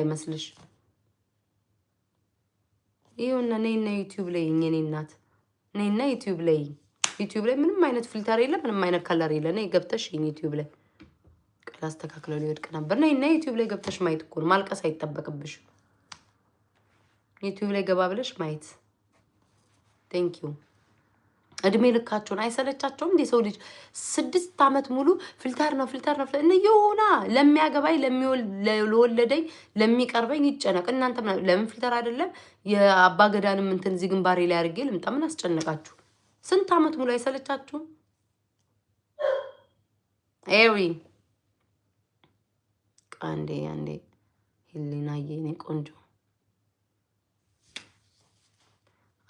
አይመስልሽ? ይኸውና እኔና ዩቲዩብ ላይ የኔ እናት እኔና ዩቲዩብ ላይ ዩቲዩብ ላይ ምንም አይነት ፊልተር የለ፣ ምንም አይነት ከለር የለ። ነይ ገብተሽ ዩቲዩብ ላይ ቀላ አስተካክለው ሊወድቅ ነበር። ነይና ዩቲዩብ ላይ ገብተሽ ማየት እኮ ነው፣ ማልቀስ አይጠበቅብሽ። ዩቲዩብ ላይ ገባ ብለሽ ማየት ቴንኪዩ እድሜ ልካቸውን አይሰለቻቸውም? እንዴ ሰው ልጅ ስድስት ዓመት ሙሉ ፊልተር ነው ፊልተር ነው እና የሆና ለሚያገባኝ ለወለደኝ ለሚቀርበኝ ይጨነቅ። እናንተ ለምን ፊልተር አይደለም የአባ ገዳንም እንትን እዚህ ግንባሬ ላይ አድርጌ ልምጣ? ምን አስጨነቃችሁ? ስንት ዓመት ሙሉ አይሰለቻችሁም? ኤሪ አንዴ አንዴ ህሊና የኔ ቆንጆ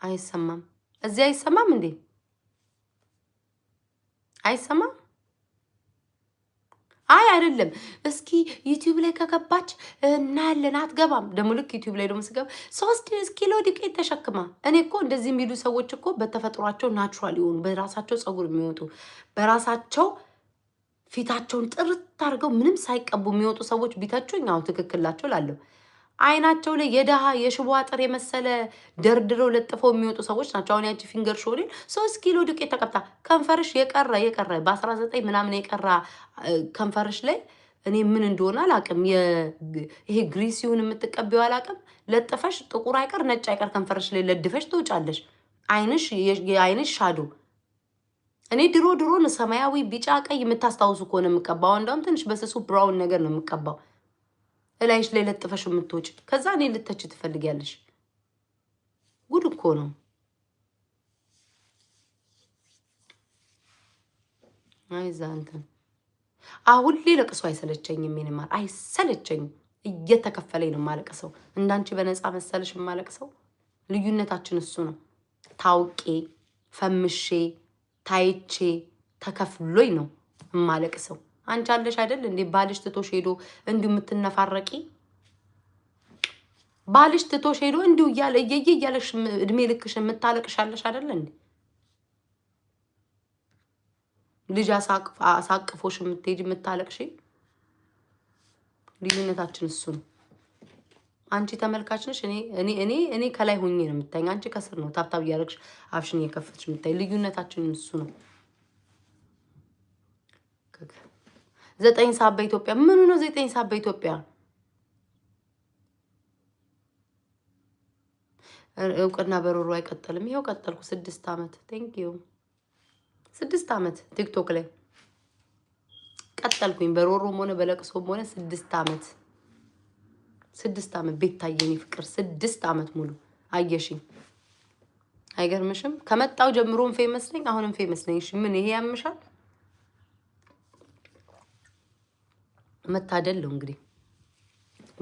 አይሰማም፣ እዚህ አይሰማም እንዴ? አይሰማ አይ አይደለም፣ እስኪ ዩቲዩብ ላይ ከገባች እናያለን። አትገባም ደግሞ ልክ ዩቲዩብ ላይ ደግሞ ስገባ ሶስት ኪሎ ዱቄት ተሸክማ። እኔ እኮ እንደዚህ የሚሉ ሰዎች እኮ በተፈጥሯቸው ናቹራል የሆኑ በራሳቸው ፀጉር የሚወጡ በራሳቸው ፊታቸውን ጥርት አድርገው ምንም ሳይቀቡ የሚወጡ ሰዎች ቢተቹኝ አሁን ትክክል ላቸው አይናቸው ላይ የድሃ የሽቦ አጥር የመሰለ ደርድረው ለጥፈው የሚወጡ ሰዎች ናቸው። አሁን ያቺ ፊንገር ሾሊን ሶስት ኪሎ ዱቄት ተቀብታ ከንፈርሽ የቀረ የቀረ በ19 ምናምን የቀራ ከንፈርሽ ላይ እኔ ምን እንደሆነ አላቅም። ይሄ ግሪሲውን የምትቀቢው አላቅም። ለጥፈሽ ጥቁር አይቀር ነጭ አይቀር ከንፈርሽ ላይ ለድፈሽ ትውጫለሽ። አይንሽ የአይንሽ ሻዶ እኔ ድሮ ድሮን ሰማያዊ፣ ቢጫ፣ ቀይ የምታስታውሱ ከሆነ የምቀባው እንደውም ትንሽ በስሱ ብራውን ነገር ነው የምቀባው። እላይሽ ላይ ለጥፈሽ የምትወጭ ከዛ እኔ ልተች ትፈልጊያለሽ። ጉድ እኮ ነው። አይዛ እንትን አሁን ለቅሶ አይሰለቸኝም። ይንማር አይሰለቸኝም። እየተከፈለኝ ነው የማለቅሰው። እንዳንቺ በነፃ መሰለሽ የማለቅሰው? ልዩነታችን እሱ ነው። ታውቄ ፈምሼ ታይቼ ተከፍሎኝ ነው የማለቅሰው። አንቺ አለሽ አይደል እንዴ ባልሽ ትቶሽ ሄዶ እንዲሁ የምትነፋረቂ ባልሽ ትቶሽ ሄዶ እንዲሁ እያለ እየየ እያለሽ እድሜ ልክሽ የምታለቅሽ አለሽ አይደል እንዴ ልጅ አሳቅፎሽ የምትሄጂ የምታለቅሽ ልዩነታችን እሱ ነው። አንቺ ተመልካች ነሽ። እኔ እኔ እኔ እኔ ከላይ ሆኜ ነው የምታኝ። አንቺ ከስር ነው ታብታብ እያደረግሽ አፍሽን እየከፈትሽ የምታይ። ልዩነታችን እሱ ነው። ዘጠኝ ሰዓት በኢትዮጵያ ምኑ ነው? ዘጠኝ ሰዓት በኢትዮጵያ እውቅና በሮሮ አይቀጠልም። ይኸው ቀጠልኩ ስድስት ዓመት ቴንክ ዩ ስድስት ዓመት ቲክቶክ ላይ ቀጠልኩኝ። በሮሮም ሆነ በለቅሶም ሆነ ስድስት ዓመት ስድስት ዓመት ቤት ታየኝ ፍቅር ስድስት ዓመት ሙሉ አየሽኝ። አይገርምሽም? ከመጣው ጀምሮም ፌመስ ነኝ፣ አሁንም ፌመስ ነኝ። ምን ይሄ ያምሻል? መታደል ነው እንግዲህ።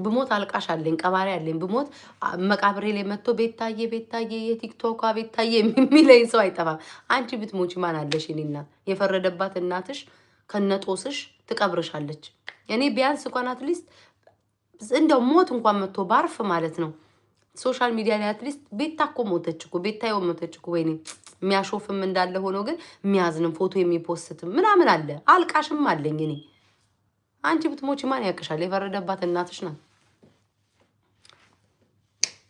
ብሞት አልቃሽ አለኝ፣ ቀባሪ አለኝ። ብሞት መቃብሬ ላይ መጥቶ ቤታዬ ቤታዬ የቲክቶኳ ቤታዬ የሚለኝ ሰው አይጠፋም። አንቺ ብትሞች ማን አለሽ? እኔና የፈረደባት እናትሽ ከነጦስሽ ትቀብርሻለች። እኔ ቢያንስ እንኳን አትሊስት እንደው ሞት እንኳን መጥቶ ባርፍ ማለት ነው ሶሻል ሚዲያ ላይ አትሊስት ቤታ እኮ ሞተች እኮ ቤታ ሞተች እኮ ወይኔ የሚያሾፍም እንዳለ ሆኖ ግን የሚያዝንም ፎቶ የሚፖስትም ምናምን አለ። አልቃሽም አለኝ እኔ አንቺ ብትሞች ማን ያቅሻል? የፈረደባት እናትሽ ናት።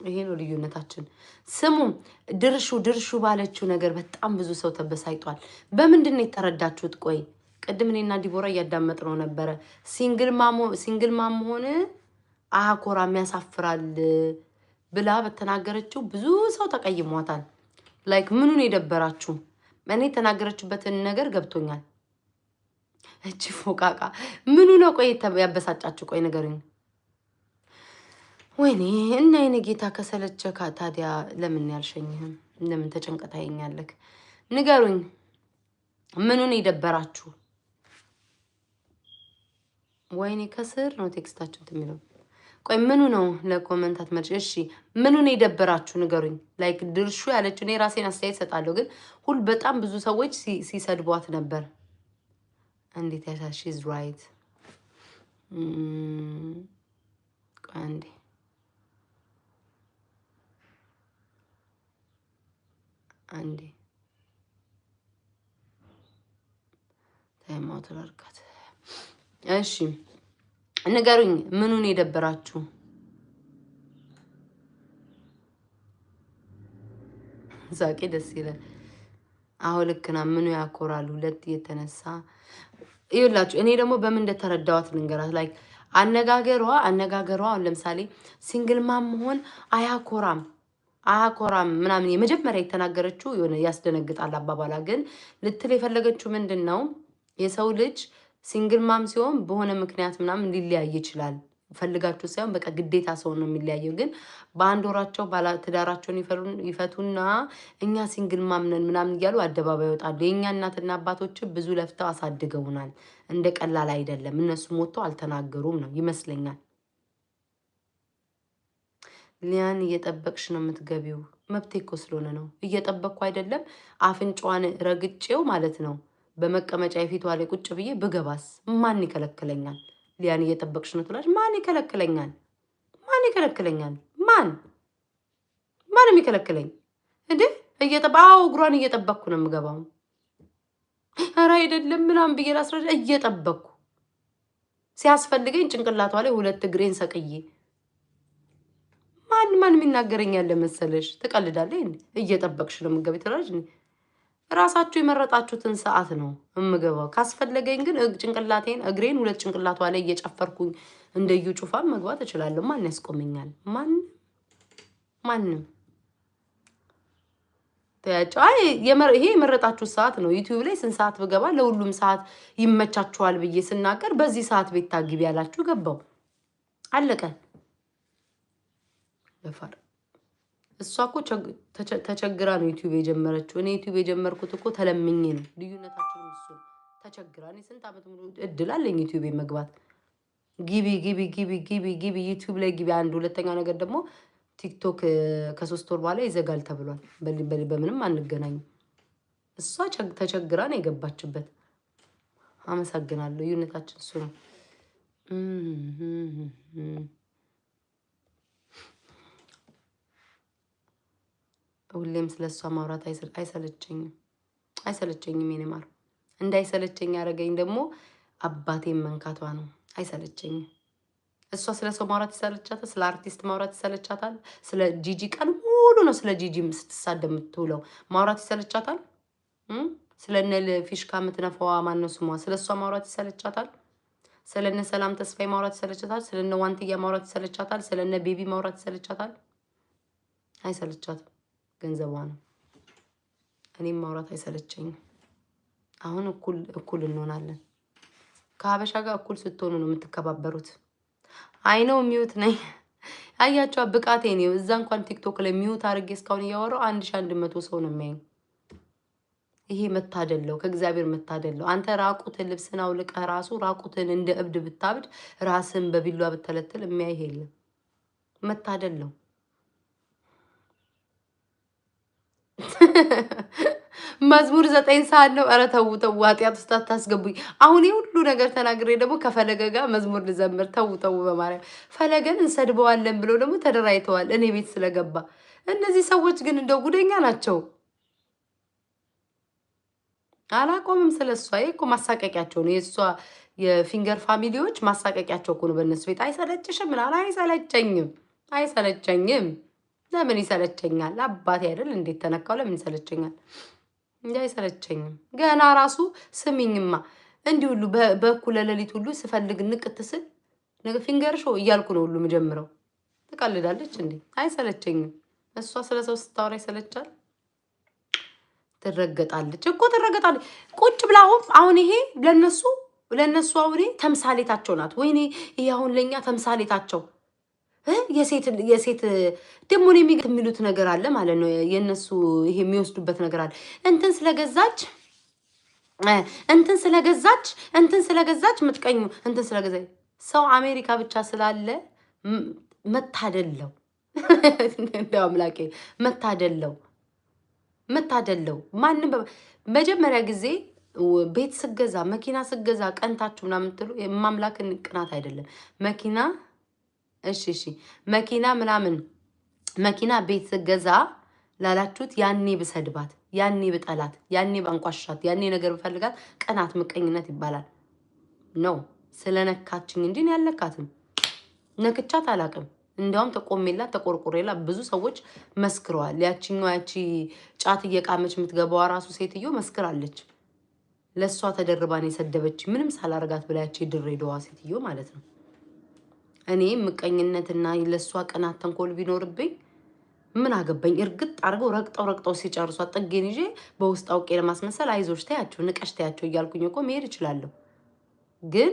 ይሄ ነው ልዩነታችን። ስሙ ድርሹ ድርሹ ባለችው ነገር በጣም ብዙ ሰው ተበሳይጧል። በምንድን ነው የተረዳችሁት? ቆይ ቅድም እኔና ዲቦራ እያዳመጥ ነው ነበረ። ሲንግል ማም መሆን አያኮራም ያሳፍራል ብላ በተናገረችው ብዙ ሰው ተቀይሟታል። ላይክ ምኑን የደበራችሁ? እኔ የተናገረችበትን ነገር ገብቶኛል። እጅ ፎቃቃ ምኑ ነው? ቆይ ያበሳጫችሁ፣ ቆይ ንገሩኝ። ወይኔ እና የኔ ጌታ ከሰለቸ ታዲያ ለምን ያልሸኝህም? ለምን ተጨንቀት ታየኛለክ? ንገሩኝ፣ ምኑን የደበራችሁ? ወይኔ ከስር ነው ቴክስታችሁት የሚለው። ቆይ ምኑ ነው ለኮመንታት መርጭ? እሺ ምኑን የደበራችሁ ንገሩኝ። ላይክ ድርሹ ያለችው እኔ ራሴን አስተያየት ሰጣለሁ፣ ግን ሁል በጣም ብዙ ሰዎች ሲሰድቧት ነበር። እንዴት ያሻሽ ሺዝ ራይት አንዴ አንዴ ታይም አውት ላድርጋት። እሺ ንገሩኝ፣ ምኑን የደበራችሁ? ሳቄ ደስ ይላል። አሁ ልክና ምኑ ያኮራል። ሁለት የተነሳ ይላችሁ እኔ ደግሞ በምን እንደተረዳዋት ልንገራት። ላይክ አነጋገሯ አነጋገሯ አሁን ለምሳሌ ሲንግል ማም መሆን አያኮራም አያኮራም ምናምን የመጀመሪያ የተናገረችው የሆነ ያስደነግጣል አባባላ። ግን ልትል የፈለገችው ምንድን ነው የሰው ልጅ ሲንግል ማም ሲሆን በሆነ ምክንያት ምናምን ሊለያይ ይችላል። ፈልጋችሁ ሳይሆን በቃ ግዴታ ሰው ነው የሚለያየው። ግን በአንድ ወራቸው ትዳራቸውን ይፈቱና እኛ ሲንግል ማምነን ምናምን እያሉ አደባባይ ይወጣሉ። የእኛ እናትና አባቶች ብዙ ለፍተው አሳድገውናል። እንደ ቀላል አይደለም። እነሱ ሞተው አልተናገሩም ነው ይመስለኛል። ሊያን እየጠበቅሽ ነው የምትገቢው። መብቴ እኮ ስለሆነ ነው እየጠበቅኩ አይደለም። አፍንጫዋን ረግጬው ማለት ነው በመቀመጫ የፊቷ ላይ ቁጭ ብዬ ብገባስ ማን ይከለክለኛል? ሊያን እየጠበቅሽ ነው ትላለች። ማን ይከለክለኛል? ማን ይከለክለኛል? ማን ማን የሚከለክለኝ እንዴ? እየጠባው እግሯን እየጠበቅኩ ነው የምገባው። ኧረ አይደለም ምናምን ብዬ ላስረዳ እየጠበቅኩ ሲያስፈልገኝ ጭንቅላቷ ላይ ሁለት እግሬን ሰቅዬ ማን ማን የሚናገረኛል ለመሰለሽ? ትቀልዳለ እየጠበቅሽ ነው የምገቢ ትላለች። ራሳችሁ የመረጣችሁትን ሰዓት ነው የምገባው። ካስፈለገኝ ግን ጭንቅላቴን እግሬን ሁለት ጭንቅላቷ ላይ እየጨፈርኩኝ እንደዩ ጩፋን መግባት እችላለሁ። ማን ያስቆመኛል? ማንም ማንም ይሄ የመረጣችሁት ሰዓት ነው። ዩቲዩብ ላይ ስንት ሰዓት ብገባ ለሁሉም ሰዓት ይመቻችኋል ብዬ ስናገር በዚህ ሰዓት ቤት ታግቢ ያላችሁ ገባው አለቀ። እሷ እኮ ተቸግራ ነው ዩቲዩብ የጀመረችው። እኔ ዩቲዩብ የጀመርኩት እኮ ተለምኜ ነው። ልዩነታችን እሱ ተቸግራ። እኔ ስንት ዓመት ሙሉ እድል አለኝ ዩቲዩብ መግባት። ጊቢ ጊቢ ጊቢ ጊቢ ጊቢ ዩቲዩብ ላይ ጊቢ። አንድ ሁለተኛ ነገር ደግሞ ቲክቶክ ከሶስት ወር በኋላ ይዘጋል ተብሏል። በምንም አንገናኝም። እሷ ተቸግራ ነው የገባችበት። አመሰግናለሁ። ልዩነታችን እሱ ነው። ሁሌም ስለ እሷ ማውራት አይሰለቸኝም አይሰለቸኝም። የኔ ማር እንዳይሰለቸኝ ያደረገኝ ደግሞ አባቴን መንካቷ ነው። አይሰለቸኝም። እሷ ስለ ሰው ማውራት ይሰለቻታል። ስለ አርቲስት ማውራት ይሰለቻታል። ስለ ጂጂ ቀን ሙሉ ነው ስለ ጂጂ ስትሳደብ የምትውለው። ማውራት ይሰለቻታል። ስለ ነል ፊሽካ የምትነፋዋ ማነው ስሟ? ስለ እሷ ማውራት ይሰለቻታል። ስለ እነ ሰላም ተስፋዬ ማውራት ይሰለቻታል። ስለ እነ ዋንትያ ማውራት ይሰለቻታል። ስለ እነ ቤቢ ማውራት ይሰለቻታል። አይሰለቻትም። ገንዘቧ ነው። እኔም ማውራት አይሰለቸኝም። አሁን እኩል እኩል እንሆናለን። ከሀበሻ ጋር እኩል ስትሆኑ ነው የምትከባበሩት። አይ ነው ሚዩት ነኝ አያቸዋ ብቃቴ ነው። እዛ እንኳን ቲክቶክ ላይ ሚዩት አድርጌ እስካሁን እያወራው አንድ ሺ አንድ መቶ ሰው ነው የሚያኝ። ይሄ መታደለው ከእግዚአብሔር መታደለው። አንተ ራቁትን ልብስን አውልቀህ ራሱ ራቁትን እንደ እብድ ብታብድ ራስን በቢሏ ብተለትል የሚያይህ የለም። መታደለው መዝሙር ዘጠኝ ሰዓት ነው። ኧረ ተው ተው፣ ኃጢአት ውስጥ አታስገቡኝ። አሁን ሁሉ ነገር ተናግሬ ደግሞ ከፈለገ ጋር መዝሙር ልዘምር? ተው ተው፣ በማርያም ፈለገን እንሰድበዋለን ብለው ደግሞ ተደራይተዋል። እኔ ቤት ስለገባ እነዚህ ሰዎች ግን እንደው ጉደኛ ናቸው። አላቆምም ስለ እሷ። ይሄ እኮ ማሳቀቂያቸው ነው። የእሷ የፊንገር ፋሚሊዎች ማሳቀቂያቸው እኮ ነው። በእነሱ ቤት አይሰለጭሽም? ምናምን አይሰለጨኝም፣ አይሰለጨኝም። ለምን ይሰለቸኛል? አባቴ አይደል እንዴት ተነካው? ለምን ይሰለቸኛል? እንዲ አይሰለቸኝም። ገና ራሱ ስሚኝማ እንዲህ ሁሉ በእኩለ ሌሊት ሁሉ ስፈልግ ንቅት ስል ፊንገር ሾ እያልኩ ነው ሁሉ የምጀምረው። ትቀልዳለች እንዴ? አይሰለቸኝም። እሷ ስለ ሰው ስታወራ ይሰለቻል። ትረገጣለች እኮ ትረገጣለች። ቁጭ ብላ አሁን ይሄ ለነሱ ለነሱ አውሬ ተምሳሌታቸው ናት። ወይኔ ይሄ አሁን ለእኛ ተምሳሌታቸው የሴት ደሞን የሚሉት ነገር አለ ማለት ነው። የእነሱ ይሄ የሚወስዱበት ነገር አለ። እንትን ስለገዛች እንትን ስለገዛች እንትን ስለገዛች ምጥቀኙ እንትን ስለገዛ ሰው አሜሪካ ብቻ ስላለ መታደለው እንደ አምላኬ መታደለው መታደለው ማንም መጀመሪያ ጊዜ ቤት ስገዛ መኪና ስገዛ ቀንታችሁ ምናምን ትሉ የማምላክን ቅናት አይደለም መኪና እሺ እሺ። መኪና ምናምን መኪና ቤት ስገዛ ላላችሁት ያኔ ብሰድባት፣ ያኔ ብጠላት፣ ያኔ ባንቋሻት፣ ያኔ ነገር ብፈልጋት ቅናት፣ ምቀኝነት ይባላል ነው። ስለነካችኝ እንጂ ያለካትም ነክቻት አላቅም። እንዲያውም ተቆሜላት ተቆርቆሬላ ብዙ ሰዎች መስክረዋል። ያችኛ ያቺ ጫት እየቃመች የምትገባዋ ራሱ ሴትዮ መስክራለች። ለእሷ ተደርባን የሰደበች ምንም ሳላረጋት ብላ ያቺ ድሬዳዋ ሴትዮ ማለት ነው። እኔ ምቀኝነትና ለእሷ ቅናት ተንኮል ቢኖርብኝ ምን አገባኝ? እርግጥ አድርገው ረግጠው ረግጠው ሲጨርሱ ጥጌን ይዤ በውስጥ አውቄ ለማስመሰል አይዞች ተያቸው፣ ንቀሽ ተያቸው እያልኩኝ እኮ መሄድ እችላለሁ። ግን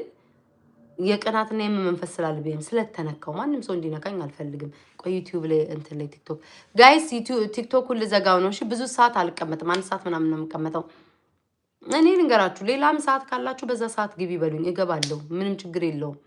የቅናትና የምመንፈስ ስላል ስላልብም ስለተነካው ማንም ሰው እንዲነካኝ አልፈልግም። ቆይ ዩቲዩብ ላይ እንትን ላይ ቲክቶክ ጋይስ ቲክቶኩን ልዘጋው ነው። እሺ ብዙ ሰዓት አልቀመጥም። አንድ ሰዓት ምናምን ነው የምቀመጠው። እኔ ልንገራችሁ፣ ሌላም ሰዓት ካላችሁ በዛ ሰዓት ግቢ በሉኝ፣ እገባለሁ። ምንም ችግር የለውም።